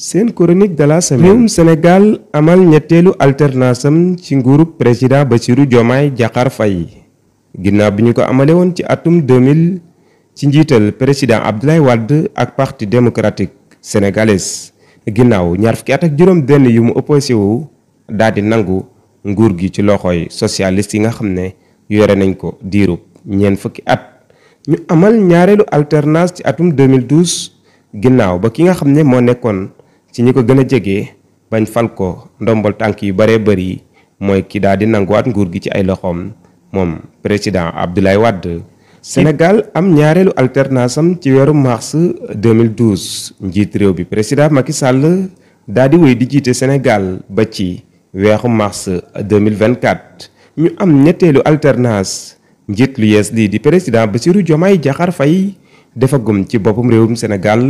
seen chronique de la semaine réewum Sénégal amal ñetteelu alternance ci nguurub président ba Bassirou Diomaye Diakhar Faye ginnaaw bi ñu ko amale woon ci atum 2000 ci njiital président Abdoulaye Wade ak parti démocratique sénégalais ginnaaw ñaar fukki at ak juróom denn yu mu opposé wu daal di nangu nguur gi ci loxooy socialiste yi nga xam ne yore nañ ko diirub ñeent fukki at ñu amal ñaareelu alternance ci atum 2012 ginnaaw ba ki nga xam ne moo nekkoon ci ñi ko gën a jege bañ fal ko ndombal tànk yu baree bëri mooy kii daal di nanguwaat nguur gi ci ay loxoom moom président Abdoulaye Wade. Sénégal am ñaareelu alternance ci weeru mars 2012 njiit réew bi président Macky Sall daal di wéy di jiite Sénégal ba ci weexu mars 2024 ñu am ñetteelu alternance njiit lu yees lii di président Bassirou Diomaye Diakhar fay defagum ci boppum réewum Sénégal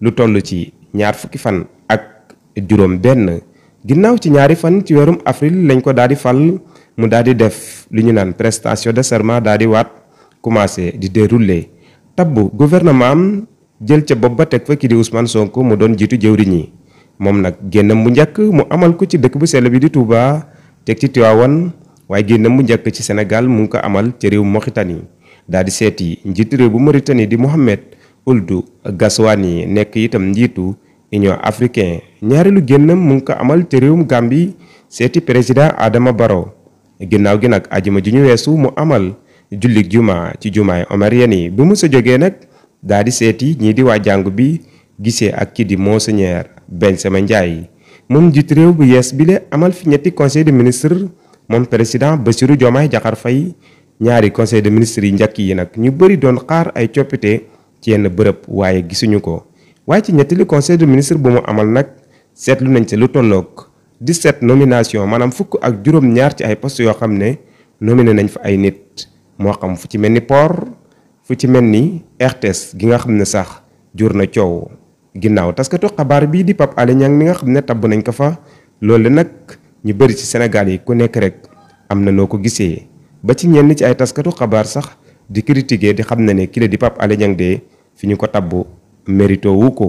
lu toll ci. ñaar fukki fan ak juróom benn ginnaaw ci ñaari fan ci weerum avril lañ ko daal di fal mu daal di def li ñu naan prestation de serment daal di waat commencé di dérouler tabbu gouvernement am jël ca bopp ba teg fa kii di sonk mu doon jiitu jëwriñ yi moom nag génnam bu njëkk mu amal ko ci dëkk bu seele bi di Touba teg ci Tiwaawan waaye génnam bu njëkk ci senegal mu ngi ko amal ci réew moxitani daal di seeti njiitu réew bu Mauritanie di Mohamed Ould Ghazouani nekk itam njiitu Union africain ñaareelu génnam mu ngi ko amal ci réewum Gambie seeti président aadama Barrow ginnaaw gi nag ajuma ju ñu weesu mu amal jullik juma ci jumaay Omarien yi bu mu sa jógee nag daal di seeti ñii di waa jàngu bi gisee ak kii di monseigneur Benjamin Ndiaye moom njiit réew bu yees bi le amal fi ñetti conseil de ministre moom président Bassirou Diomaye Diakhar fay ñaari conseil de ministre yi njëkk yi nag ñu bëri doon xaar ay coppite ci yenn bërëb waaye gisuñu ko waaye ci ñettali conseil du ministre bu mu amal nag seetlu nañ ci lu tolloog seet nomination maanaam fukk ak juróom-ñaar ci ay poste yoo xam ne nominé nañ fa ay nit moo xam fu ci mel ni port fu ci mel ni RTS gi nga xam ne sax jur na coow ginnaaw taskatu xabaar bii di Pape Alé Niang mi nga xam ne tabb nañ ko fa loolu nag ñu bëri ci Sénégal yi ku nekk rek am na noo ko gisee ba ci ñenn ci ay taskatu xabaar sax di critiquer di xam ne ne kile di Pape Alé Niang fi ñu ko tabbu mérito wu ko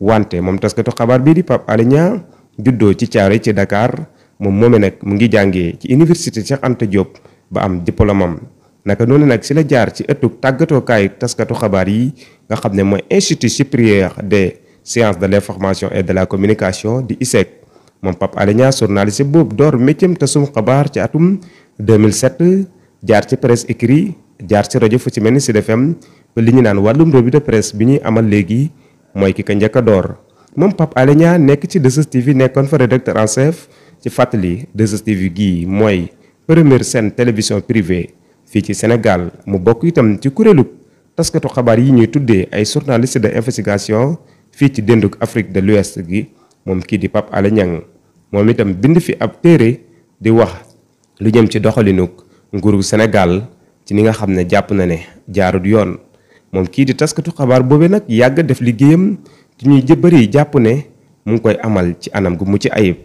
wante moom taskatu xabaar bii di pap Alé Niang juddoo ci Thiaroye ci Dakar moom moome nag mu ngi jàngee ci université Cheikh Anta Diop ba am diplôme am naka noonu nag si la jaar ci ëttug tàggatookaay taskatu xabaar yi nga xam ne mooy institut supérieur des sciences de l'information et de la communication di ISEC moom Pape Alé Niang journaliste boobu door métier tasum xabaar ci atum 2007 jaar ci presse écrit jaar ci rajo fu ci mel ni Sud FM li ñu naan wàllum revue de presse bi ñuy amal léegi mooy ki ko njëkk a door moom pap Alé nekk ci 2STV nekkoon fa rédacteur en chef ci fàttali 2STV gii mooy première seen télévision privée fii ci senegal mu bokk itam ci kuréelu taskatu xabaar yi ñuy tuddee ay journaliste de investigation fii ci dénduk Afrique de l'Ouest gi moom kii di pap Alé Niang moom itam bind fi ab téere di wax lu jëm ci doxalinuk nguuru Sénégal ci ni nga xam ne jàpp na ne jaarut yoon moom kii di taskatu xabaar boobee nag yàgg def liggéeyam ci ñuy jëbëri jàpp ne mu ngi koy amal ci anam gu mucc ayib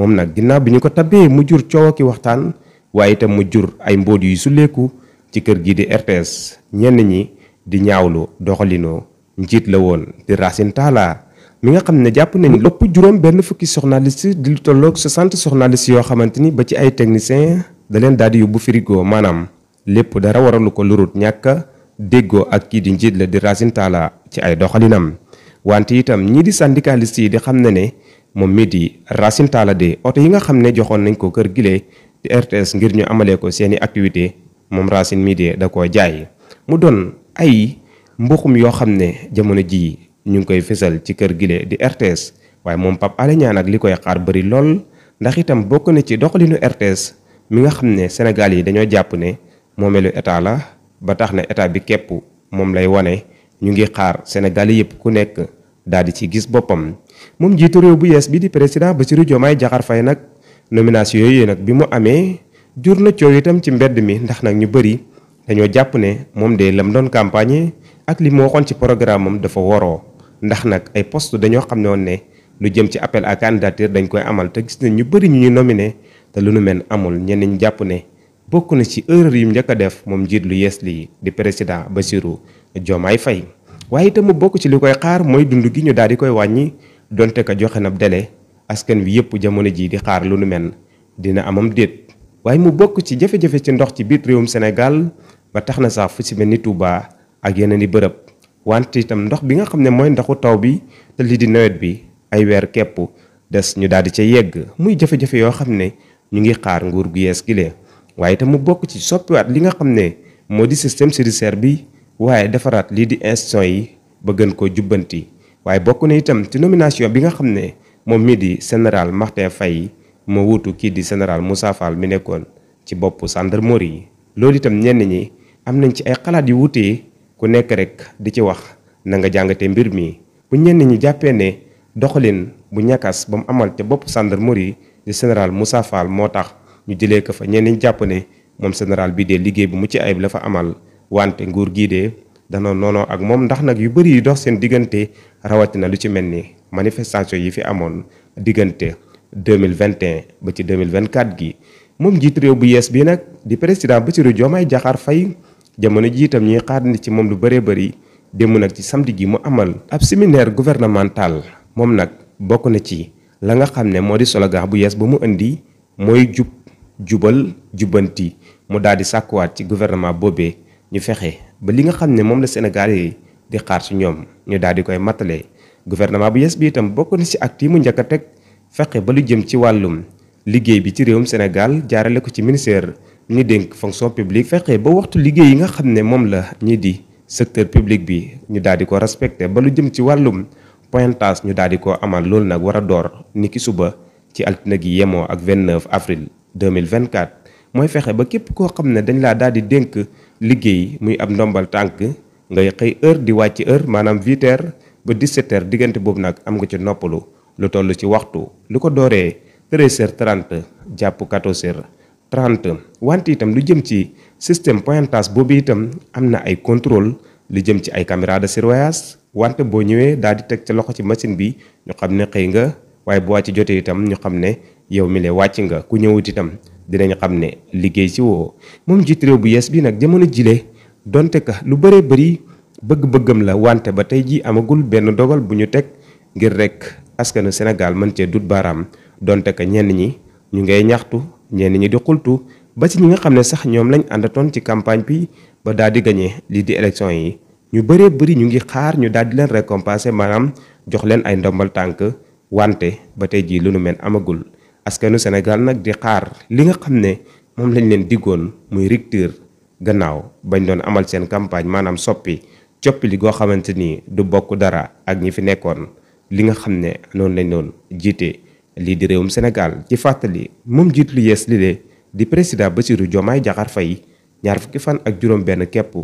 moom nag ginnaaw bi ñu ko tabee mu jur coow ki waxtaan waaye itam mu jur ay mbóot yu suleeku ci kër gi di RTS ñenn ñi di ñaawlu doxalino njiit la woon di Racine Talla mi nga xam ne jàpp nañ lépp juróom benn fukki journaliste di lu tolloog 60 journaliste yoo xamante ni ba ci ay technicien daleen leen daal di yóbbu frigo maanaam lépp dara waralu ko lurut ñàkk déggoo ak kii di njiit la di Racine ci ay doxalinam wante itam ñii di syndicaliste yi di xam ne ne moom mii di Racine Talla de oto yi nga xam ne joxoon nañ ko kër gile di RTS ngir ñu amalee ko seeni activité moom Racine mii de da koo jaay mu doon ay mbuxum yoo xam ne jamono jii ñu ngi koy fesal ci kër gile di RTS waaye moom Pape Alé Niang ak li koy xaar bëri lool ndax itam bokk na ci doxalinu RTS mi nga xam ne Sénégal yi dañoo jàpp ne moo moomeelu état la ba tax na état bi képp moom lay wane ñu ngi xaar Sénégal yëpp ku nekk daal di ci gis boppam. moom njiitu réew bu yees bi di président ci Diomaye Diakhar fay nag nomination yooyu nag bi mu amee jur na coow itam ci mbedd mi ndax nag ñu bëri dañoo jàpp ne moom de lam doon campagne ak li mu waxoon ci programme am dafa waroo ndax nag ay poste dañoo xam ne woon ne lu jëm ci appel à candidature dañ koy amal te gis nañ ñu bëri ñu ñu nominé te lu nu mel amul ñenn jàpp ne. bokk na ci erreur yu njëkk a def moom njiit lu yees lii di président Bassirou Diomaye fay waaye itam mu bokk ci li koy xaar mooy dund gi ñu daal di koy wàññi donte ko joxe na délai askan wi yëpp jamono jii di xaar lu nu mel dina amam déet waaye mu bokk ci jafe-jafe ci ndox ci biir réewum senegal ba tax na sax fu ci mel ni Touba ak yeneen i bërëb wante itam ndox bi nga xam ne mooy ndaxu taw bi te lii di nawet bi ay weer kepp des ñu daal di ca yegg muy jafe yoo xam ne ñu ngi xaar nguur gu yees waaye itam mu bokk ci soppiwaat li nga xam ne moo di système judiciaire bi waaye defaraat lii di institution yi ba gën koo jubbanti waaye bokk na itam ci nomination bi nga xam ne moom mii di général Martin Faye moo wuutu kii di général Moussa Fall mi nekkoon ci boppu gendarmerie yi loolu itam ñenn ñi am nañ ci ay xalaat yu wuute ku nekk rek di ci wax na nga jàngatee mbir mi bu ñenn ñi jàppee ne doxalin bu ñakkas ba mu amal ca bopp gendarmerie di général Moussa Fall moo tax ñu jëlee ko fa ñenn ñi jàpp ne moom général bi dee liggéey bu mu ci ayib la fa amal wante nguur gii de dana noonoo ak moom ndax nag yu bëri yu dox seen diggante rawatina lu ci mel ni manifestation yi fi amoon diggante 2021 ba ci 2024 gi moom njiit réew bu yees bii nag di président Bassirou Diomaye Diakhar Faye jamono ji itam ñuy xaar ni ci moom lu bëree bëri démb nag ci samedi gi mu amal ab séminaire gouvernemental moom nag bokk na ci la nga xam ne moo di slogan bu yees ba mu indi mooy jubal jubbanti mu daal di sàkkuwaat ci gouvernement boobee ñu fexe ba li nga xam ne moom la Sénégal yi di xaar ci ñoom ñu daal di koy matale gouvernement bu yes bi itam bokk na ci acte yi mu njëkk a teg fexe ba lu jëm ci wàllum liggéey bi ci réewum Sénégal jaarale ko ci ministère ñu dénk fonction publique fexe ba waxtu liggéey yi nga xam ne moom la ñi di secteur public bi ñu daal di ko respecté ba lu jëm ci wàllum pointage ñu daal di ko amal loolu nag war a door niki suba ci altine gi yemoo ak 29 avril 2024 mooy fexe ba képp koo xam ne dañ laa daal di dénk liggéey muy ab ndombal tànk ngay xëy heure di wàcc heure maanaam 8 ba 17 heures diggante boobu nag am nga ci noppalu lu toll ci waxtu lu ko dooree 13 heures 30 jàpp 14 heures 30 wante itam lu jëm ci système pointage boobu itam am na ay contrôle lu jëm ci ay caméra de surveillance wante boo ñëwee daal di teg ca loxo ci machine bi ñu xam ne xëy nga waaye bu wàcc jotee itam ñu xam ne yow mi le wàcc nga ku ñëwut itam dinañ xam ne liggéey si woo moom jiit réew bu yees bi nag jamono jile donte ka lu bëree bëri bëgg-bëggam la wante ba tey ji amagul benn dogal bu ñu teg ngir rek askanu Sénégal mën cee dut baaraam donte ka ñenn ñi ñu ngay ñaxtu ñenn ñi di xultu ba si ñi nga xam ne sax ñoom lañ àndatoon ci campagne bi ba daal di gañe lii di élection yi ñu bëree bëri ñu ngi xaar ñu daal di leen récompenser maanaam jox leen ay ndombal tànk wante ba tey jii lu nu mel amagul askanu Sénégal nag di xaar li nga xam ne moom lañ leen diggoon muy rupture gannaaw bañ doon amal seen campagne maanaam soppi coppi li goo xamante ni du bokk dara ak ñi fi nekkoon li nga xam ne noonu lañ doon jiite lii di réewum Sénégal ci fàttali moom jiit lu yees li de di président ba Bassirou Diomaye Diakhar Faye ñaar fukki fan ak juróom benn képp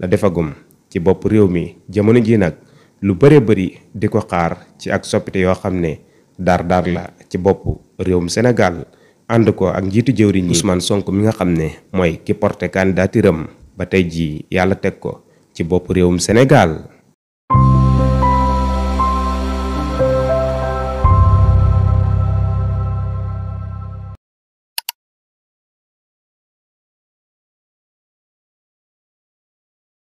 la defagum ci bopp réew mi jamono ji nag lu bëree bari di ko xaar ci ak soppite yoo xam ne daar daar ci bopp réewum Sénégal ànd ko ak njiitu jëwriñ Ousmane sonk mi nga xam ne mooy ki porté candidaturam ba tey jii yàlla teg ko ci bopp réewum Sénégal